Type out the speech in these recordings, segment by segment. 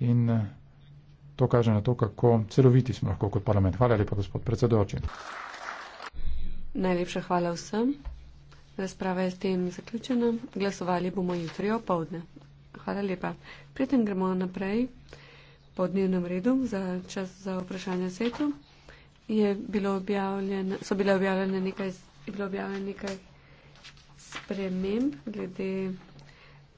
in eh, to kaže na to, kako celoviti smo lahko kot parlament. Hvala lepa, gospod predsedoči. Najlepša hvala vsem. Razprava je s tem zaključena. Glasovali bomo jutri o povdne. Hvala lepa. Preden gremo naprej po dnevnem redu za čas za vprašanje svetu, je bilo objavljeno, so bile objavljene nekaj, bilo objavljeno nekaj sprememb glede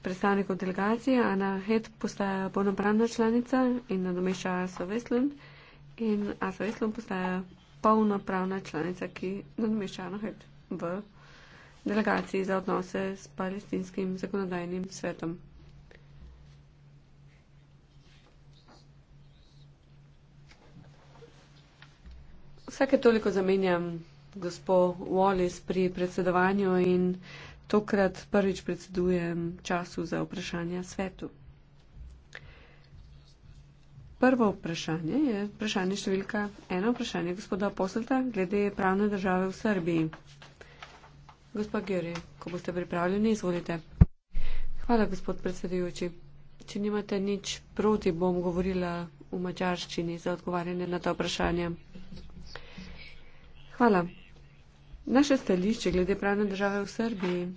predstavnikov delegacije, Ana Het postaja polnopravna članica in nadomešča Asa Veslun in Asa Veslun postaja polnopravna članica, ki nadomešča Ana Het v delegaciji za odnose s palestinskim zakonodajnim svetom. Vsake toliko zamenjam gospo Wallis pri predsedovanju in Tokrat prvič predsedujem času za vprašanja svetu. Prvo vprašanje je vprašanje številka ena, vprašanje gospoda Poselta glede pravne države v Srbiji. Gospod Gjori, ko boste pripravljeni, izvolite. Hvala, gospod predsedujoči. Če nimate nič proti, bom govorila v mačarščini za odgovarjanje na ta vprašanja. Hvala. Naše stališče glede pravne države v Srbiji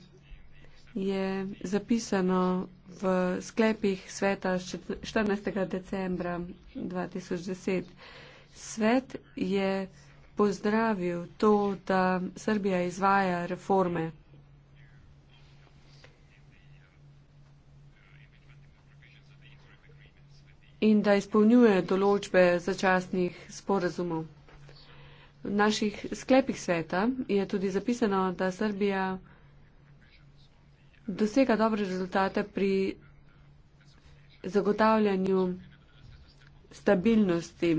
je zapisano v sklepih sveta 14. decembra 2010. Svet je pozdravil to, da Srbija izvaja reforme. in da izpolnjuje določbe začasnih sporazumov. V naših sklepih sveta je tudi zapisano, da Srbija dosega dobre rezultate pri zagotavljanju stabilnosti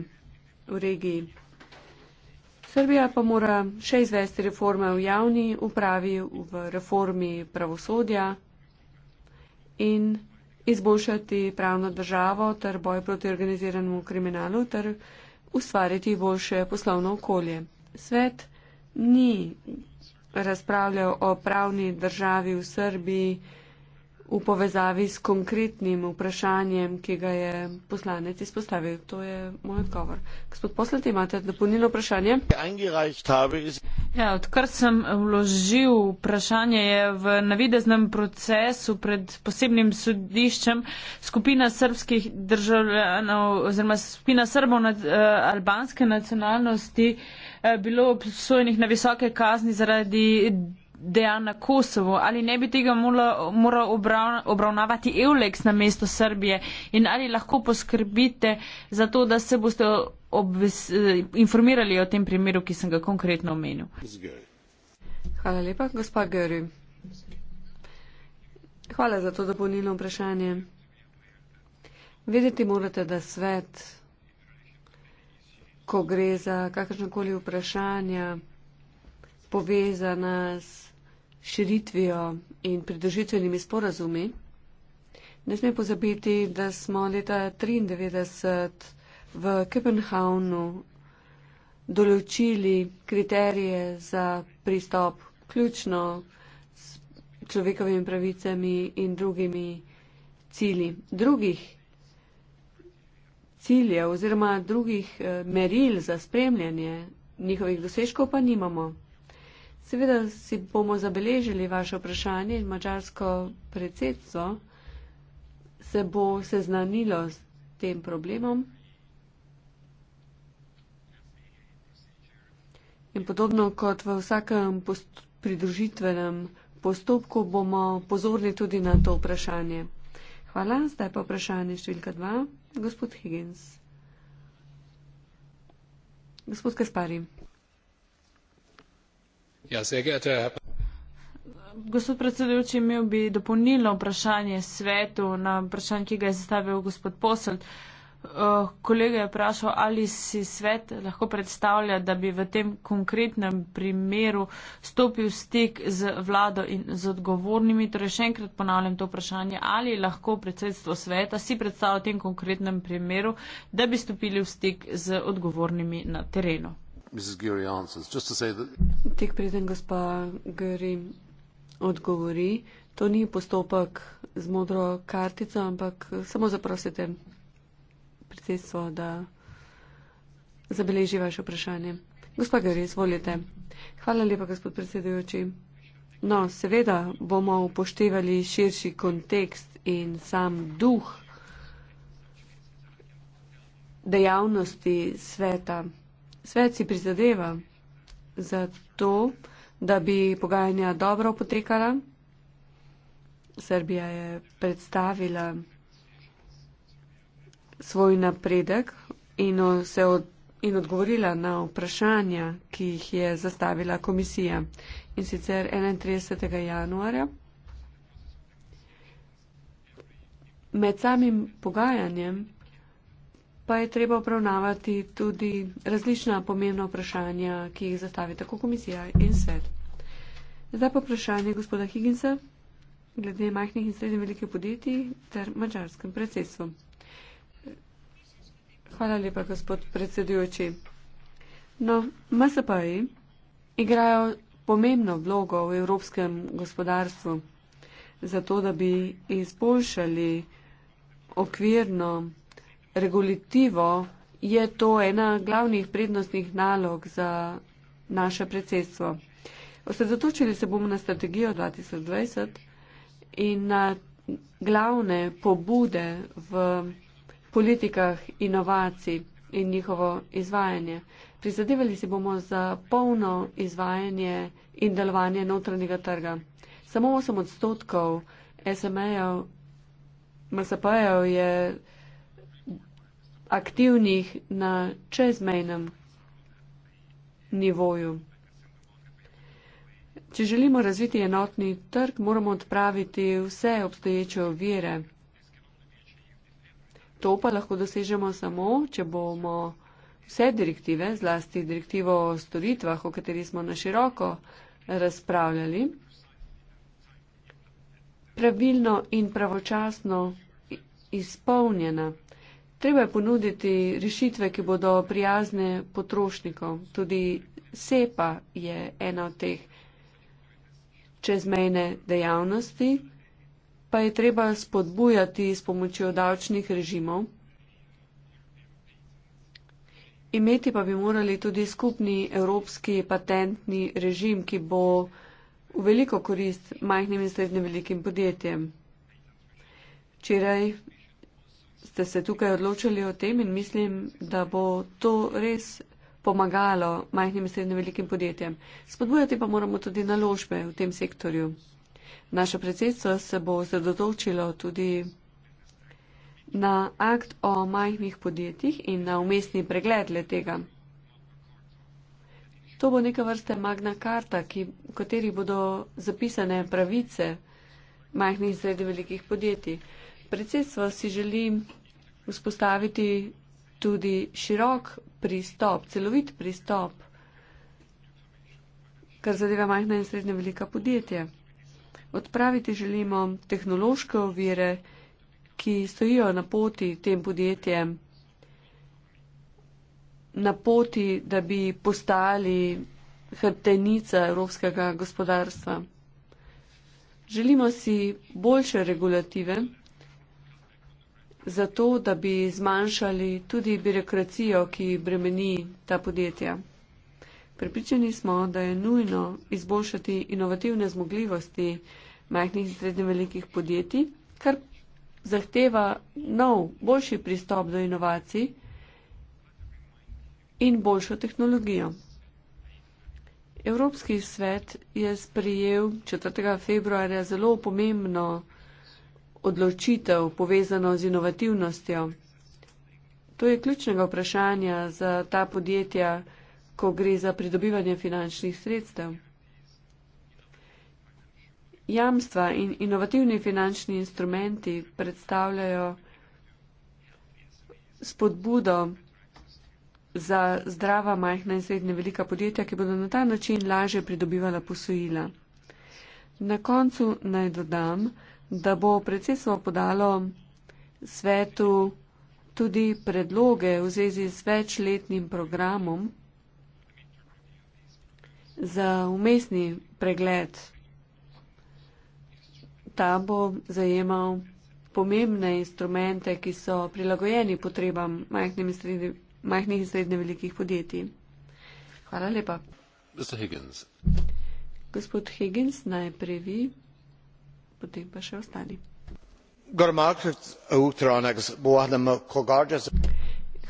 v regiji. Srbija pa mora še izvesti reforme v javni upravi, v reformi pravosodja in izboljšati pravno državo ter boj proti organiziranemu kriminalu ter kriminalu ustvariti boljše poslovno okolje. Svet ni razpravljal o pravni državi v Srbiji v povezavi s konkretnim vprašanjem, ki ga je poslanec izpostavil. To je moj odgovor. Gospod poslanec, imate dopolnilo vprašanje? Ja, odkar sem vložil vprašanje, je v navideznem procesu pred posebnim sodiščem skupina srbskih državljanov oziroma skupina srbov na, uh, eh, albanske nacionalnosti uh, bilo obsojenih na visoke kazni zaradi dejal na Kosovo, ali ne bi tega moral, moral obravnavati Euleks na mesto Srbije in ali lahko poskrbite za to, da se boste obves, informirali o tem primeru, ki sem ga konkretno omenil. Hvala lepa, gospa Göri. Hvala za to dopolnilno vprašanje. Vedeti morate, da svet, ko gre za kakršnokoli vprašanja, poveza nas širitvijo in pridržitvenimi sporazumi. Ne sme pozabiti, da smo leta 1993 v Kopenhavnu določili kriterije za pristop ključno s človekovimi pravicami in drugimi cili. Drugih ciljev oziroma drugih eh, meril za spremljanje njihovih dosežkov pa nimamo. Seveda si bomo zabeležili vaše vprašanje in mačarsko predsedstvo se bo seznanilo s tem problemom. In podobno kot v vsakem post pridružitvenem postopku bomo pozorni tudi na to vprašanje. Hvala. Zdaj pa vprašanje številka dva. Gospod Higgins. Gospod Kaspari. Ja, gospod predsedujoči imel bi dopolnilno vprašanje svetu na vprašanje, ki ga je zastavil gospod Posel. Eh, kolega je vprašal, ali si svet lahko predstavlja, da bi v tem konkretnem primeru stopil stik z vlado in z odgovornimi. Torej, še enkrat ponavljam to vprašanje, ali lahko predsedstvo sveta si predstavlja v tem konkretnem primeru, da bi stopili v stik z odgovornimi na terenu. Tik preden gospa Gori odgovori, to ni postopek z modro kartico, ampak samo zaprosite predsedstvo, da zabeleži vaše vprašanje. Gospa Gori, izvolite. Hvala lepa, gospod predsedujoči. No, seveda bomo upoštevali širši kontekst in sam duh dejavnosti sveta. Svet si prizadeva za to, da bi pogajanja dobro potekala. Srbija je predstavila svoj napredek in, se od, in odgovorila na vprašanja, ki jih je zastavila komisija. In sicer 31. januarja med samim pogajanjem pa je treba obravnavati tudi različna pomembna vprašanja, ki jih zastavi tako komisija in svet. Zdaj pa vprašanje gospoda Higginsa glede majhnih in srednjih velikih podjetij ter mačarskem predsedstvu. Hvala lepa, gospod predsedujoči. No, MSP-ji igrajo pomembno vlogo v evropskem gospodarstvu za to, da bi izboljšali okvirno regulativo, je to ena glavnih prednostnih nalog za naše predsedstvo. Osredotočili se bomo na strategijo 2020 in na glavne pobude v politikah inovacij in njihovo izvajanje. Prizadevali se bomo za polno izvajanje in delovanje notranjega trga. Samo 8 odstotkov SME-jev, MSP-jev je aktivnih na čezmejnem nivoju. Če želimo razviti enotni trg, moramo odpraviti vse obstoječe ovire. To pa lahko dosežemo samo, če bomo vse direktive, zlasti direktivo o storitvah, o kateri smo na široko razpravljali, pravilno in pravočasno izpolnjena. Treba je ponuditi rešitve, ki bodo prijazne potrošnikom. Tudi SEPA je ena od teh čezmejne dejavnosti, pa je treba spodbujati s pomočjo davčnih režimov. Imeti pa bi morali tudi skupni evropski patentni režim, ki bo v veliko korist majhnim in srednjim velikim podjetjem. Včeraj ste se tukaj odločili o tem in mislim, da bo to res pomagalo majhnim in srednjim velikim podjetjem. Spodbujati pa moramo tudi naložbe v tem sektorju. Naše predsedstvo se bo sredotočilo tudi na akt o majhnih podjetjih in na umestni pregled le tega. To bo neka vrste magna karta, ki, v kateri bodo zapisane pravice majhnih in srednjih velikih podjetij predsedstvo si želi vzpostaviti tudi širok pristop, celovit pristop, kar zadeva majhna in srednja velika podjetja. Odpraviti želimo tehnološke ovire, ki stojijo na poti tem podjetjem, na poti, da bi postali hrtenica evropskega gospodarstva. Želimo si boljše regulative zato, da bi zmanjšali tudi birokracijo, ki bremeni ta podjetja. Pripričani smo, da je nujno izboljšati inovativne zmogljivosti majhnih in srednje velikih podjetij, kar zahteva nov, boljši pristop do inovacij in boljšo tehnologijo. Evropski svet je sprijel 4. februarja zelo pomembno odločitev povezano z inovativnostjo? To je ključnega vprašanja za ta podjetja, ko gre za pridobivanje finančnih sredstev. Jamstva in inovativni finančni instrumenti predstavljajo spodbudo za zdrava, majhna in srednje velika podjetja, ki bodo na ta način lažje pridobivala posojila. Na koncu naj dodam, da bo predsedstvo podalo svetu tudi predloge v zvezi z večletnim programom za umestni pregled. Ta bo zajemal pomembne instrumente, ki so prilagojeni potrebam majhnih in srednje velikih podjetij. Hvala lepa. Mr. Higgins. Gospod Higgins, najprej vi potem pa še ostali.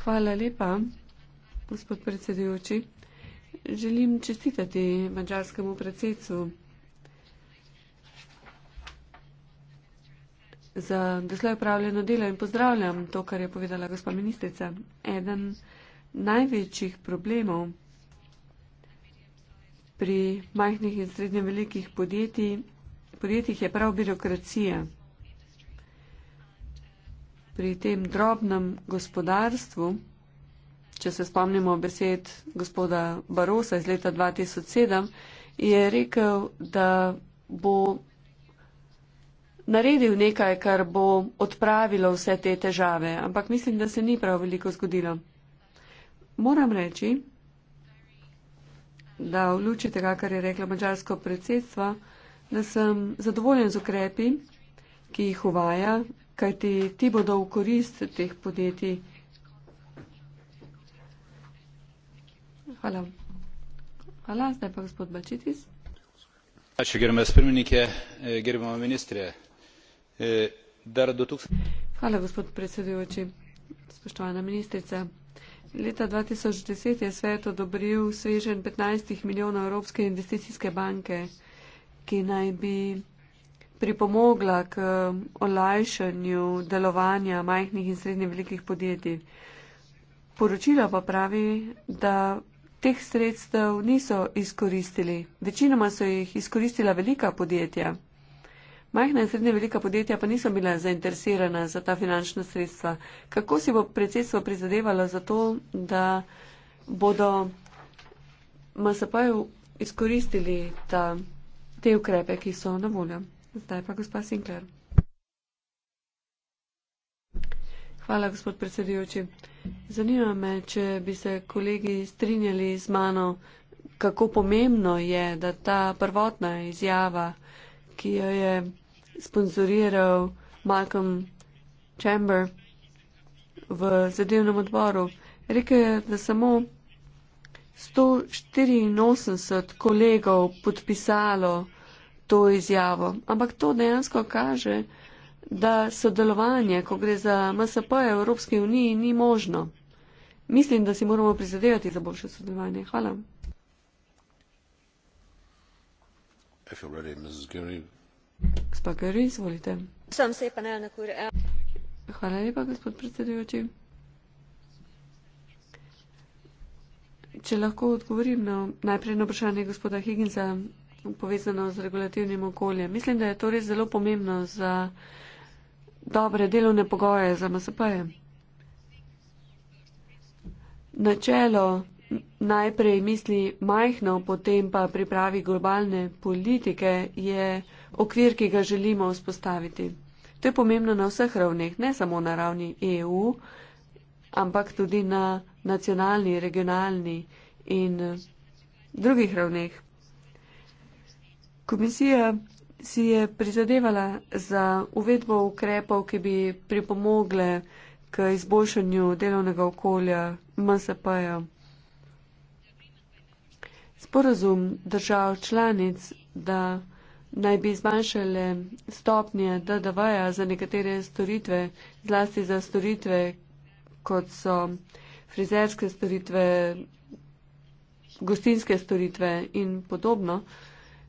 Hvala lepa, gospod predsedujoči. Želim čestitati mađarskemu predsedcu za doslej upravljeno delo in pozdravljam to, kar je povedala gospa ministrica. Eden največjih problemov pri majhnih in srednje velikih podjetij podjetjih je prav birokracija. Pri tem drobnem gospodarstvu, če se spomnimo besed gospoda Barosa iz leta 2007, je rekel, da bo naredil nekaj, kar bo odpravilo vse te težave, ampak mislim, da se ni prav veliko zgodilo. Moram reči, da v luči tega, kar je reklo mađarsko predsedstvo, da sem zadovoljen z ukrepi, ki jih uvaja, kajti ti bodo v korist teh podjetij. Hvala. Hvala, zdaj pa gospod Bačitis. Če gremo na spremenike, gremo na ministre. Hvala, gospod predsedujoči. Spoštovana ministrica. Leta 2010 je svet odobril svežen 15 milijonov Evropske investicijske banke ki naj bi pripomogla k olajšanju delovanja majhnih in srednje velikih podjetij. Poročilo pa pravi, da teh sredstev niso izkoristili. Večinoma so jih izkoristila velika podjetja. Majhna in srednje velika podjetja pa niso bila zainteresirana za ta finančna sredstva. Kako si bo predsedstvo prizadevalo za to, da bodo MSP-ju izkoristili ta te ukrepe, ki so na voljo. Zdaj pa gospa Sinkler. Hvala, gospod predsedujoči. Zanima me, če bi se kolegi strinjali z mano, kako pomembno je, da ta prvotna izjava, ki jo je sponsoriral Malcolm Chamber v zadevnem odboru, rekel je, da samo 184 kolegov podpisalo to izjavo. Ampak to dejansko kaže, da sodelovanje, ko gre za MSP Evropske unije, ni možno. Mislim, da si moramo prizadevati za boljše sodelovanje. Hvala. Gospod Gary, izvolite. Hvala lepa, gospod predsedujoči. Če lahko odgovorim na najprej na vprašanje gospoda Higginsa, povezano z regulativnim okoljem. Mislim, da je to res zelo pomembno za dobre delovne pogoje za MSP-je. Načelo najprej misli majhno, potem pa pripravi globalne politike, je okvir, ki ga želimo vzpostaviti. To je pomembno na vseh ravneh, ne samo na ravni EU, ampak tudi na nacionalni, regionalni in eh, drugih ravneh. Komisija si je prizadevala za uvedbo ukrepov, ki bi pripomogle k izboljšanju delovnega okolja MSP-ja. Sporazum držav članic, da naj bi zmanjšale stopnje DDV-ja za nekatere storitve, zlasti za storitve, kot so frizerske storitve, gostinske storitve in podobno,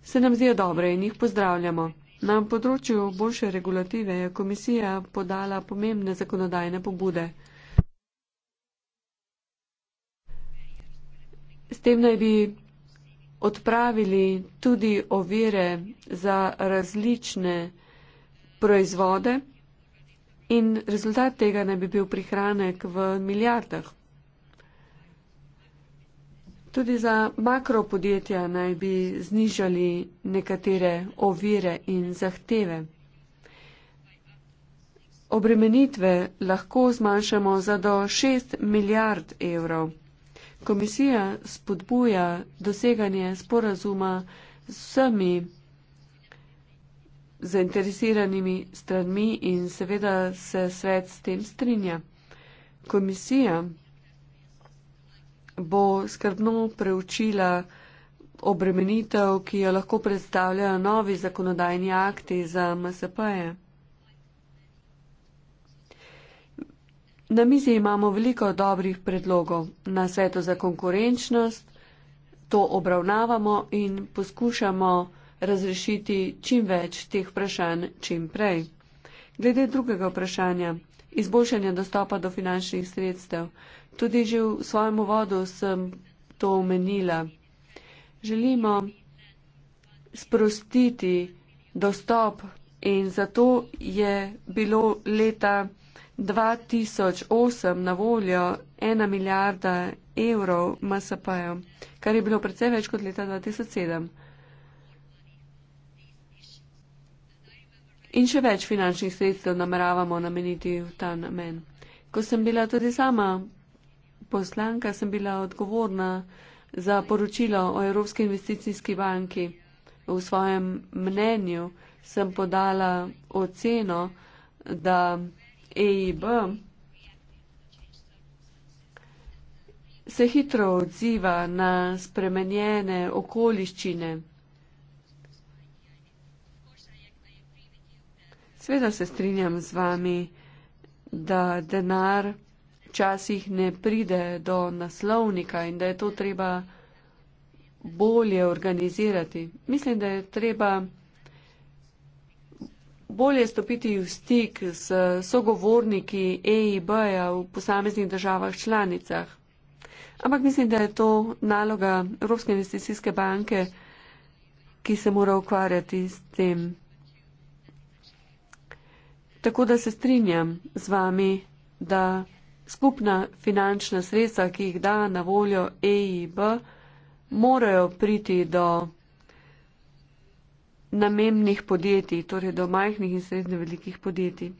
se nam zdijo dobre in jih pozdravljamo. Na področju boljše regulative je komisija podala pomembne zakonodajne pobude. S tem naj bi odpravili tudi ovire za različne proizvode in rezultat tega naj bi bil prihranek v milijardah. Tudi za makropodjetja naj bi znižali nekatere ovire in zahteve. Obremenitve lahko zmanjšamo za do 6 milijard evrov. Komisija spodbuja doseganje sporazuma z vsemi zainteresiranimi stranmi in seveda se svet s tem strinja. Komisija bo skrbno preučila obremenitev, ki jo lahko predstavljajo novi zakonodajni akti za MSP-je. Na mizi imamo veliko dobrih predlogov. Na svetu za konkurenčnost to obravnavamo in poskušamo razrešiti čim več teh vprašanj čim prej. Glede drugega vprašanja, izboljšanja dostopa do finančnih sredstev, Tudi že v svojem uvodu sem to omenila. Želimo sprostiti dostop in zato je bilo leta 2008 na voljo ena milijarda evrov MSP-ja, kar je bilo predvsej več kot leta 2007. In še več finančnih sredstev nameravamo nameniti v ta namen. Ko sem bila tudi sama poslanka sem bila odgovorna za poročilo o Evropski investicijski banki. V svojem mnenju sem podala oceno, da EIB se hitro odziva na spremenjene okoliščine. Sveda se strinjam z vami, da denar včasih ne pride do naslovnika in da je to treba bolje organizirati. Mislim, da je treba bolje stopiti v stik s sogovorniki EIB-ja v posameznih državah članicah. Ampak mislim, da je to naloga Evropske investicijske banke, ki se mora ukvarjati s tem. Tako da se strinjam z vami, da Skupna finančna sredstva, ki jih da na voljo EIB, morajo priti do namennih podjetij, torej do majhnih in srednje velikih podjetij.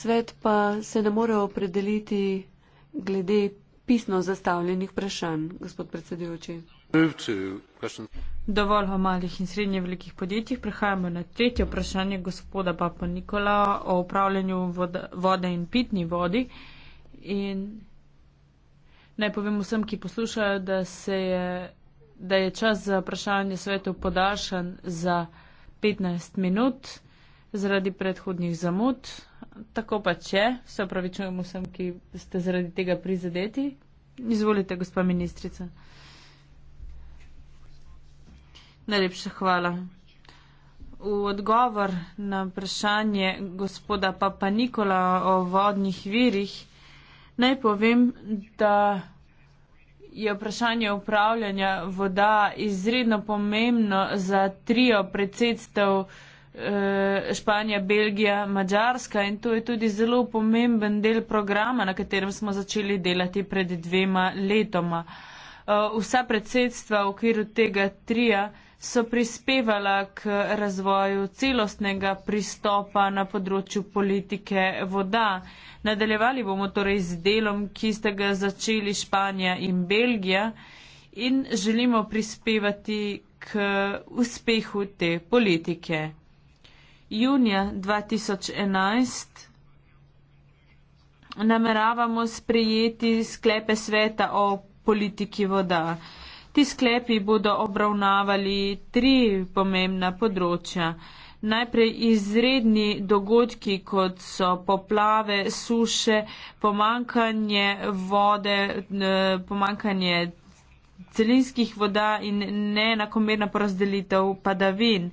Svet pa se ne more opredeliti glede pisno zastavljenih vprašanj, gospod predsedujoči. Dovolj o malih in srednje velikih podjetjih. Prehajamo na tretje vprašanje gospoda Papa Nikola o upravljanju voda, vode in pitni vodi. In naj povem vsem, ki poslušajo, da, se je, da je čas za vprašanje svetov podaljšan za 15 minut zaradi predhodnih zamud. Tako pa če, se opravičujem vsem, ki ste zaradi tega prizadeti. Izvolite, gospa ministrica. Najlepša hvala. V odgovor na vprašanje gospoda Papa Nikola o vodnih virih naj povem, da je vprašanje upravljanja voda izredno pomembno za trio predsedstev eh, Španija, Belgija, Mačarska in to je tudi zelo pomemben del programa, na katerem smo začeli delati pred dvema letoma. Eh, vsa predsedstva v okviru tega trija so prispevala k razvoju celostnega pristopa na področju politike voda. Nadaljevali bomo torej z delom, ki ste ga začeli Španija in Belgija in želimo prispevati k uspehu te politike. Junija 2011 nameravamo sprejeti sklepe sveta o politiki voda. Ti sklepi bodo obravnavali tri pomembna področja. Najprej izredni dogodki, kot so poplave, suše, pomankanje vode, pomankanje celinskih voda in neenakomerna porazdelitev padavin.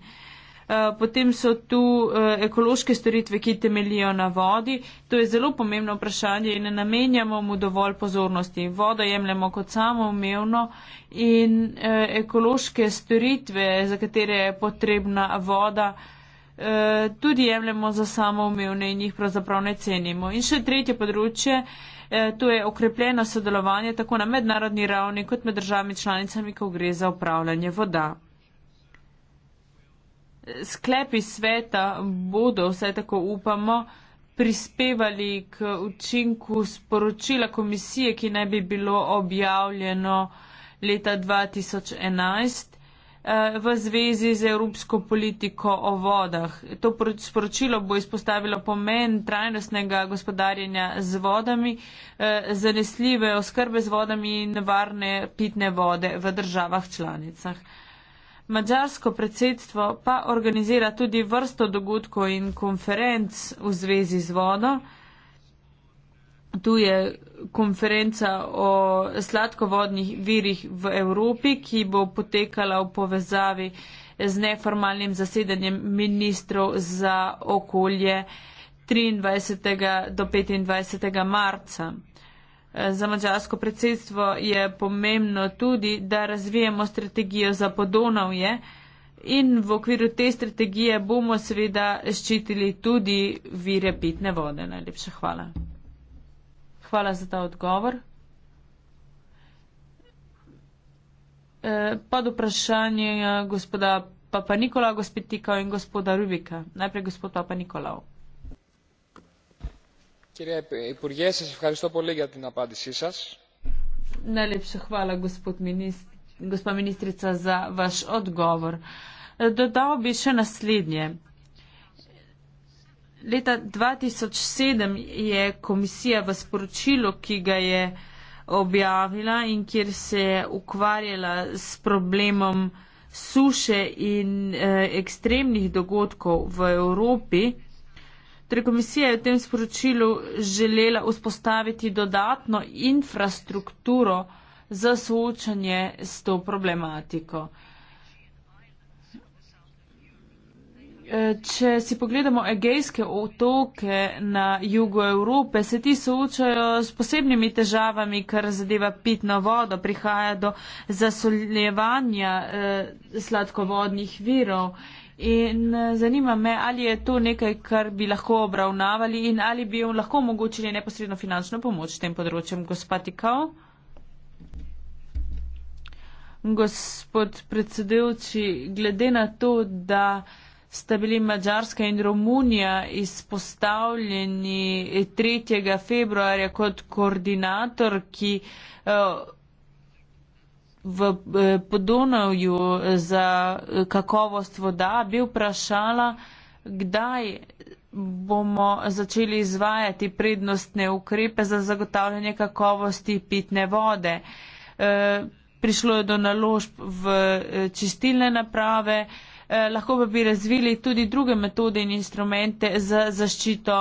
Eh, potem so tu eh, ekološke storitve, ki temelijo na vodi. To je zelo pomembno vprašanje in ne namenjamo mu dovolj pozornosti. Vodo jemljemo kot samoumevno in eh, ekološke storitve, za katere je potrebna voda, tudi jemljemo za samoumevne in jih pravzaprav ne cenimo. In še tretje področje. To je okrepljeno sodelovanje tako na mednarodni ravni kot med državami članicami, ko gre za upravljanje voda sklepi sveta bodo, vsaj tako upamo, prispevali k učinku sporočila komisije, ki naj bi bilo objavljeno leta 2011 eh, v zvezi z evropsko politiko o vodah. To sporočilo bo izpostavilo pomen trajnostnega gospodarjenja z vodami, eh, zanesljive oskrbe z vodami in varne pitne vode v državah članicah. Mačarsko predsedstvo pa organizira tudi vrsto dogodkov in konferenc v zvezi z vodo. Tu je konferenca o sladkovodnih virih v Evropi, ki bo potekala v povezavi z neformalnim zasedanjem ministrov za okolje 23. do 25. marca. Za mađarsko predsedstvo je pomembno tudi, da razvijemo strategijo za podonavje in v okviru te strategije bomo seveda ščitili tudi vire pitne vode. Najlepša hvala. Hvala za ta odgovor. E, pod vprašanje gospoda Papa Nikola, gospod Tikov in gospoda Rubika. Najprej gospod Papa Nikolao. Κύριε Υπουργέ, σας ευχαριστώ πολύ για την απάντησή σας. Najlepša hvala, gospa ministrica, za vaš odgovor. E, dodal bi še naslednje. Leta 2007 je komisija v sporočilu, ki ga je objavila in kjer se je ukvarjala s problemom suše in e, ekstremnih dogodkov v Evropi, Torej, komisija je v tem sporočilu želela vzpostaviti dodatno infrastrukturo za soočanje s to problematiko. E, če si pogledamo egejske otoke na jugu Evrope, se ti soočajo s posebnimi težavami, kar zadeva pitno vodo, prihaja do zasoljevanja eh, sladkovodnih virov In eh, zanima me, ali je to nekaj, kar bi lahko obravnavali in ali bi jo lahko omogočili neposredno finančno pomoč tem področjem, gospod Tikal. Gospod predsedevči, glede na to, da sta bili Mačarska in Romunija izpostavljeni 3. februarja kot koordinator, ki. Uh, v eh, Podonavju eh, za eh, kakovost voda, bi vprašala, kdaj bomo začeli izvajati prednostne ukrepe za zagotavljanje kakovosti pitne vode. Prišlo je do naložb v čistilne naprave, lahko pa bi razvili tudi druge metode in instrumente za zaščito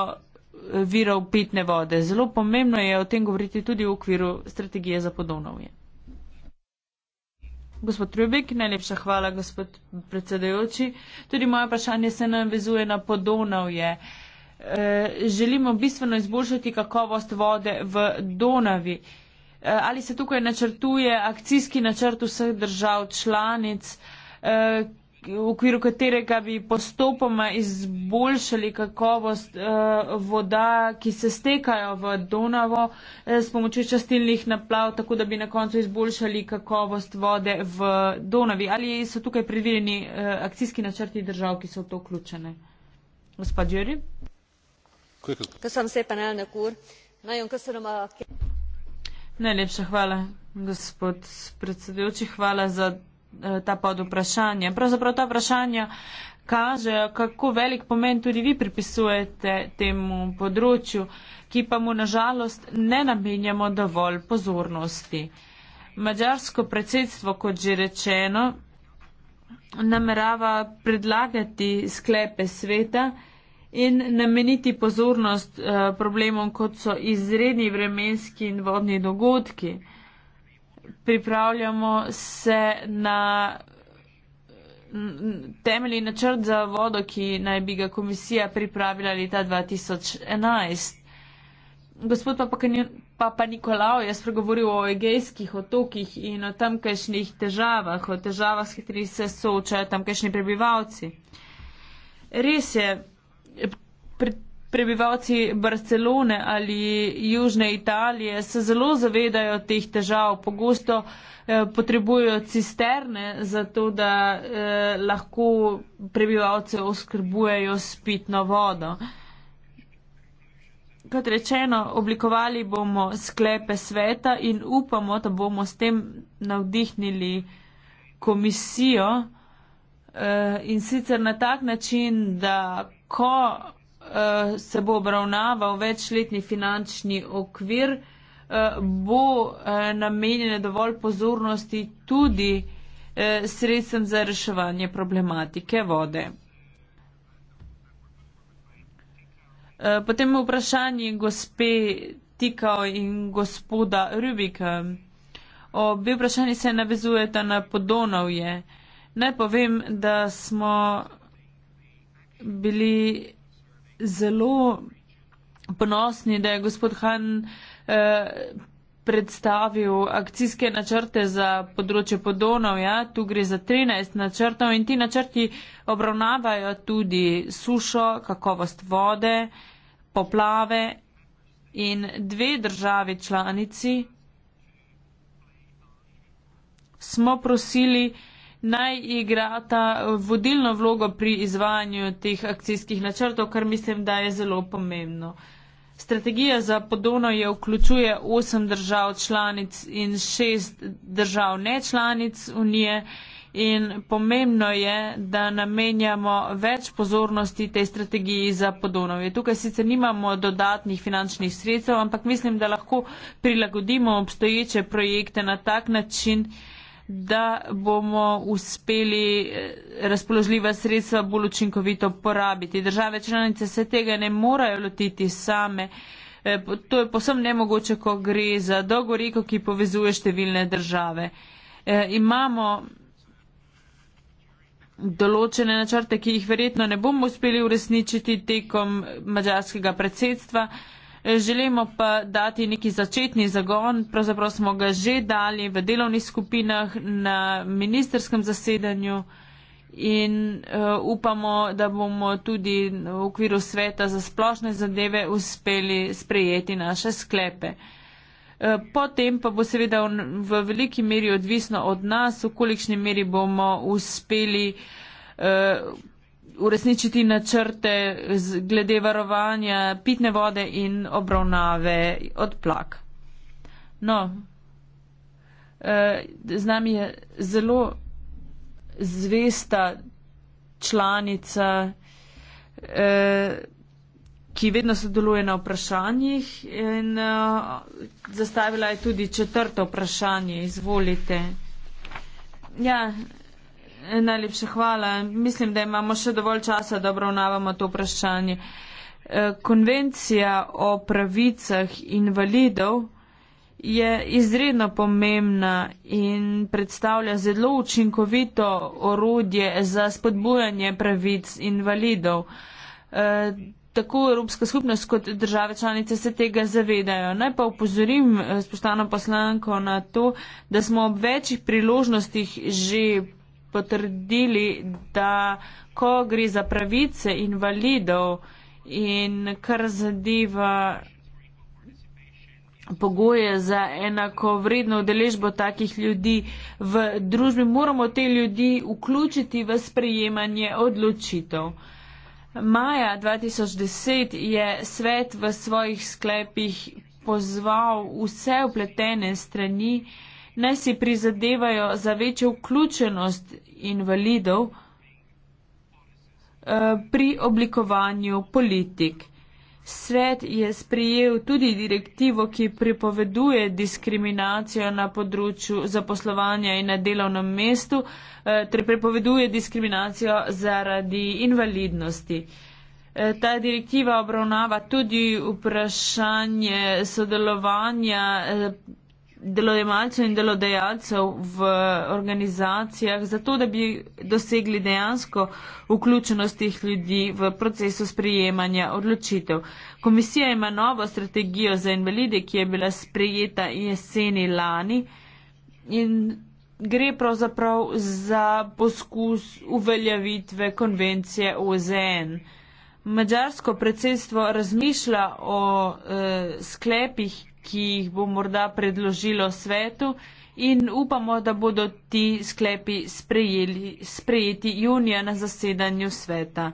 virov pitne vode. Zelo pomembno je o tem govoriti tudi v okviru strategije za podonovje. Gospod Rubik, najlepša hvala, gospod predsedajoči. Tudi moje vprašanje se navezuje na podonavje. E, želimo bistveno izboljšati kakovost vode v Donavi. E, ali se tukaj načrtuje akcijski načrt vseh držav članic, e, v okviru katerega bi postopoma izboljšali kakovost uh, voda, ki se stekajo v Donavo eh, s pomočjo častilnih naplav, tako da bi na koncu izboljšali kakovost vode v Donavi. Ali so tukaj predvideni eh, akcijski načrti držav, ki so v to vključene? Gospod Jori? Kaj se pa ne kur? Najom, kaj se nam akcije? Najlepša hvala, gospod predsedujoči. Hvala za. Eh, ta pod vprašanje. Pravzaprav ta vprašanja kažejo, kako velik pomen tudi vi pripisujete temu področju, ki pa mu nažalost ne namenjamo dovolj pozornosti. Mađarsko predsedstvo, kot že rečeno, namerava predlagati sklepe sveta in nameniti pozornost eh, problemom, kot so izredni vremenski in vodni dogodki pripravljamo se na temeljni načrt za vodo, ki naj bi ga komisija pripravila leta 2011. Gospod Papa Nikolao je spregovoril o egejskih otokih in o tamkajšnjih težavah, o težavah, s katerimi se soočajo tamkajšnji prebivalci. Res je, pred prebivalci Barcelone ali Južne Italije se zelo zavedajo teh težav. Pogosto eh, potrebujo cisterne za to, da eh, lahko prebivalce oskrbujejo s pitno vodo. Kot rečeno, oblikovali bomo sklepe sveta in upamo, da bomo s tem navdihnili komisijo eh, in sicer na tak način, da ko Eh, se bo obravnaval večletni finančni okvir, eh, bo eh, namenjene dovolj pozornosti tudi sredstvem za reševanje problematike vode. Potem vprašanje gospe Tikao in gospoda Rubika. Obe vprašanje se navezujeta na podonovje. Naj povem, da smo bili zelo ponosni, da je gospod Han eh, predstavil akcijske načrte za področje podonov. Ja? Tu gre za 13 načrtov in ti načrti obravnavajo tudi sušo, kakovost vode, poplave in dve državi članici. Smo prosili, naj igrata vodilno vlogo pri izvajanju teh akcijskih načrtov, kar mislim, da je zelo pomembno. Strategija za podono je vključuje osem držav članic in šest držav nečlanic unije in pomembno je, da namenjamo več pozornosti tej strategiji za podono. Tukaj sicer nimamo dodatnih finančnih sredstev, ampak mislim, da lahko prilagodimo obstoječe projekte na tak način, da bomo uspeli eh, razpoložljiva sredstva bolj učinkovito porabiti. Države članice se tega ne morajo lotiti same. Eh, to je posem nemogoče, ko gre za dolgo reko, ki povezuje številne države. Eh, imamo določene načrte, ki jih verjetno ne bomo uspeli uresničiti tekom mađarskega predsedstva. Želimo pa dati neki začetni zagon, pravzaprav smo ga že dali v delovnih skupinah na ministerskem zasedanju in uh, upamo, da bomo tudi v okviru sveta za splošne zadeve uspeli sprejeti naše sklepe. Eh, potem pa bo seveda v veliki meri odvisno od nas, v kolikšni meri bomo uspeli eh, uresničiti načrte glede varovanja pitne vode in obravnave odplak. No, eh, z nami je zelo zvesta članica, eh, ki vedno sodeluje na vprašanjih in eh, zastavila je tudi četrto vprašanje. Izvolite. Ja, Najlepša hvala. Mislim, da imamo še dovolj časa, da obravnavamo to vprašanje. E, konvencija o pravicah invalidov je izredno pomembna in predstavlja zelo učinkovito orodje za spodbujanje pravic invalidov. E, tako Evropska skupnost kot države članice se tega zavedajo. Naj pa upozorim e, spoštano poslanko na to, da smo ob večjih priložnostih že potrdili, da ko gre za pravice invalidov in kar zadeva pogoje za enako vredno udeležbo takih ljudi v družbi, moramo te ljudi vključiti v sprejemanje odločitev. Maja 2010 je svet v svojih sklepih pozval vse upletene strani, naj si prizadevajo za večjo vključenost invalidov eh, pri oblikovanju politik. Svet je sprejel tudi direktivo, ki prepoveduje diskriminacijo na področju zaposlovanja in na delovnem mestu, eh, ter prepoveduje diskriminacijo zaradi invalidnosti. Eh, ta direktiva obravnava tudi vprašanje sodelovanja delodajalcev in delodajalcev v organizacijah, zato da bi dosegli dejansko vključenost teh ljudi v procesu sprejemanja odločitev. Komisija ima novo strategijo za invalide, ki je bila sprejeta jeseni lani in gre pravzaprav za poskus uveljavitve konvencije OZN. Mačarsko predsedstvo razmišlja o e, sklepih, ki jih bo morda predložilo svetu in upamo, da bodo ti sklepi sprejeli, sprejeti junija na zasedanju sveta.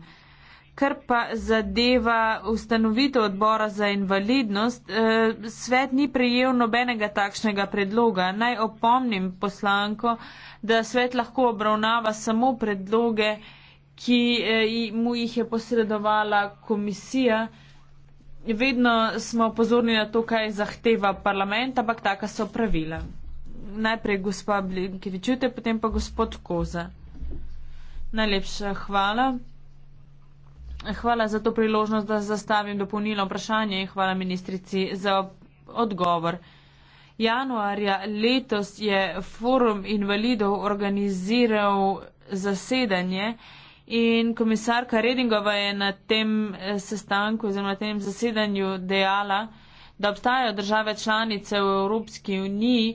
Kar pa zadeva ustanovitev odbora za invalidnost, eh, svet ni prejel nobenega takšnega predloga. Naj opomnim poslanko, da svet lahko obravnava samo predloge, ki eh, mu jih je posredovala komisija vedno smo pozorni na to, kaj zahteva parlament, ampak taka so pravila. Najprej gospa Blinkevičute, potem pa gospod Koza. Najlepša hvala. Hvala za to priložnost, da zastavim dopolnilo vprašanje in hvala ministrici za odgovor. Januarja letos je forum invalidov organiziral zasedanje. In komisarka Redingova je na tem eh, sestanku oziroma na tem zasedanju dejala, da obstajajo države članice v Evropski uniji,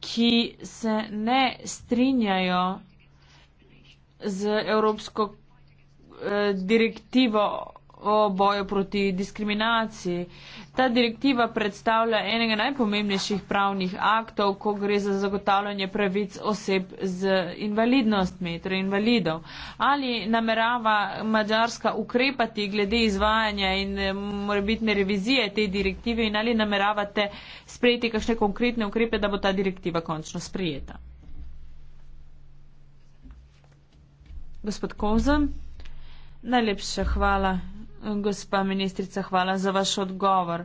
ki se ne strinjajo z Evropsko eh, direktivo o boju proti diskriminaciji. Ta direktiva predstavlja enega najpomembnejših pravnih aktov, ko gre za zagotavljanje pravic oseb z invalidnostmi, torej invalidov. Ali namerava Mačarska ukrepati glede izvajanja in eh, morebitne revizije te direktive in ali nameravate sprejeti kakšne konkretne ukrepe, da bo ta direktiva končno sprijeta? Gospod Kozen, najlepša hvala Gospa ministrica, hvala za vaš odgovor.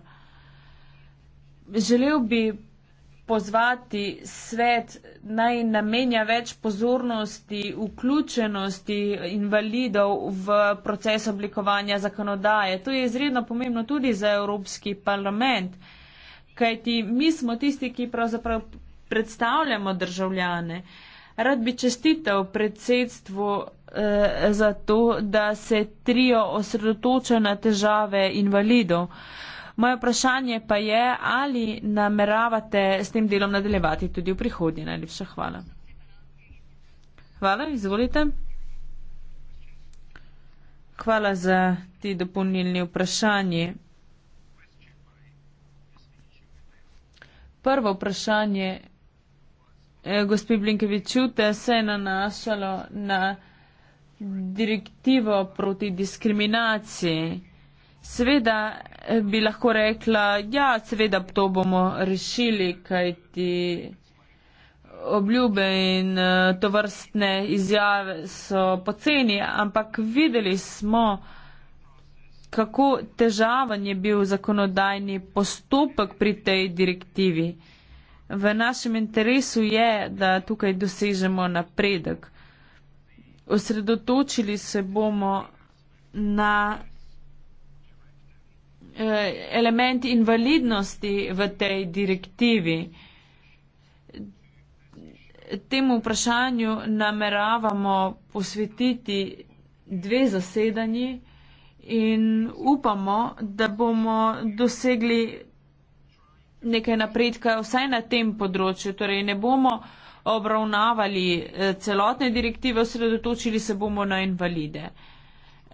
Želel bi pozvati svet naj namenja več pozornosti, vključenosti invalidov v proces oblikovanja zakonodaje. To je izredno pomembno tudi za Evropski parlament, kajti mi smo tisti, ki pravzaprav predstavljamo državljane. Rad bi čestitev predsedstvu eh, za to, da se trio osredotoča na težave invalidov. Moje vprašanje pa je, ali nameravate s tem delom nadaljevati tudi v prihodnje. Najlepša hvala. Hvala, izvolite. Hvala za ti dopolnilni vprašanje. Prvo vprašanje eh, gospe Blinkevičute se je nanašalo na direktivo proti diskriminaciji. Seveda eh, bi lahko rekla, ja, seveda to bomo rešili, kaj ti obljube in eh, to vrstne izjave so poceni, ampak videli smo, kako težavan je bil zakonodajni postopek pri tej direktivi. V našem interesu je, da tukaj dosežemo napredek osredotočili se bomo na eh, element invalidnosti v tej direktivi. Temu vprašanju nameravamo posvetiti dve zasedanji in upamo, da bomo dosegli nekaj napredka vsaj na tem področju. Torej ne bomo uh, obravnavali eh, celotne direktive, osredotočili se bomo na invalide.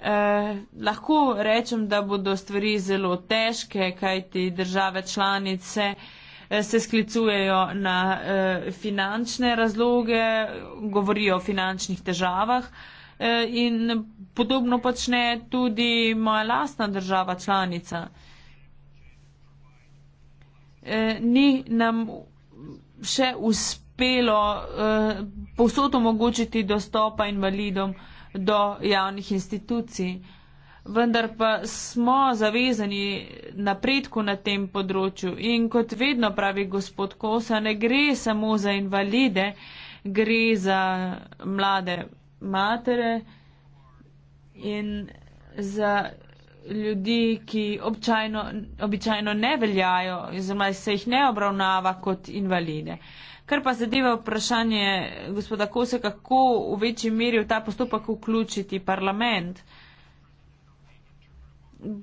Eh, lahko rečem, da bodo stvari zelo težke, kajti države članice eh, se sklicujejo na eh, finančne razloge, govorijo o finančnih težavah eh, in podobno počne tudi moja lastna država članica. Eh, ni nam še uspelo uspelo eh, posod omogočiti dostopa invalidom do javnih institucij. Vendar pa smo zavezani napredku na tem področju in kot vedno pravi gospod Kosa, ne gre samo za invalide, gre za mlade matere in za ljudi, ki občajno, običajno ne veljajo, oziroma se jih ne obravnava kot invalide. Uh, Kar pa zadeva vprašanje gospoda Kose, kako v večji meri v ta postopek vključiti parlament.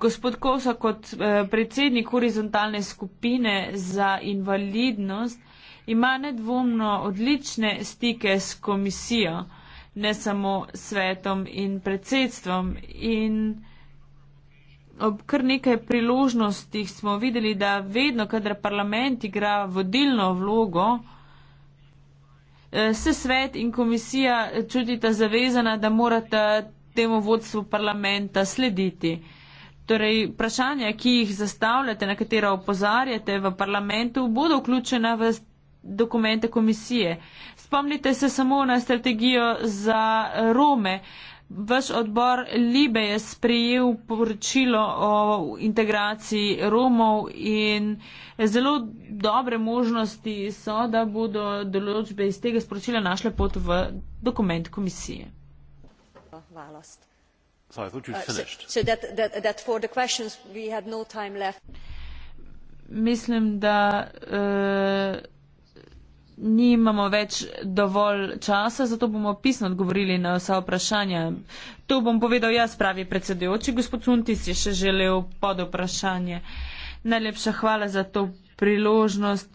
Gospod Kosa kot eh, predsednik horizontalne skupine za invalidnost ima nedvomno odlične stike s komisijo, ne samo svetom in predsedstvom. In ob kar nekaj priložnostih smo videli, da vedno, kadar parlament igra vodilno vlogo, Eh, se svet in komisija čutita zavezana, da morata temu vodstvu parlamenta slediti. Torej, vprašanja, ki jih zastavljate, na katera opozarjate v parlamentu, bodo vključena v dokumente komisije. Spomnite se samo na strategijo za Rome, Vaš odbor Libe je sprejel poročilo o integraciji Romov in zelo dobre možnosti so, da bodo določbe iz tega sporočila našle pot v dokument komisije. Uh, no Mislim, da. Uh, nimamo več dovolj časa, zato bomo pisno odgovorili na vsa vprašanja. To bom povedal jaz, pravi predsedujoči. Gospod Suntis je še želel pod vprašanje. Najlepša hvala za to priložnost.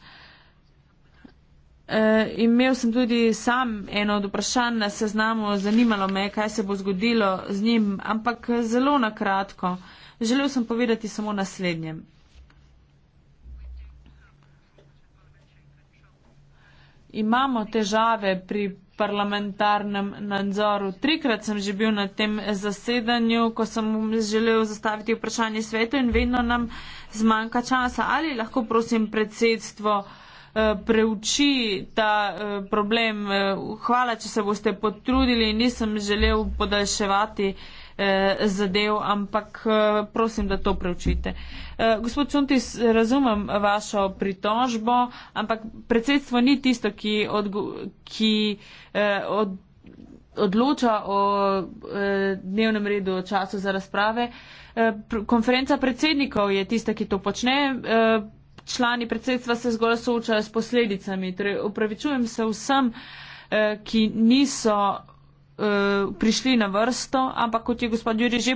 E, imel sem tudi sam eno od vprašanj na seznamu, zanimalo me je, kaj se bo zgodilo z njim, ampak zelo na kratko. Želel sem povedati samo naslednjem. imamo težave pri parlamentarnem nadzoru. Trikrat sem že bil na tem zasedanju, ko sem želel zastaviti vprašanje svetu in vedno nam zmanjka časa. Ali lahko prosim predsedstvo eh, preuči ta eh, problem? Eh, hvala, če se boste potrudili. Nisem želel podaljševati. Eh, zadev, ampak eh, prosim, da to preučite. Eh, gospod Čuntis, razumem vašo pritožbo, ampak predsedstvo ni tisto, ki, odgo, ki od, odloča o dnevnem redu, o času za razprave. Konferenca predsednikov je tista, ki to počne. Člani predsedstva se zgolj soočajo s posledicami. Torej, upravičujem se vsem, ki niso Eh, prišli na vrsto, ampak kot je gospod Juri že povedal,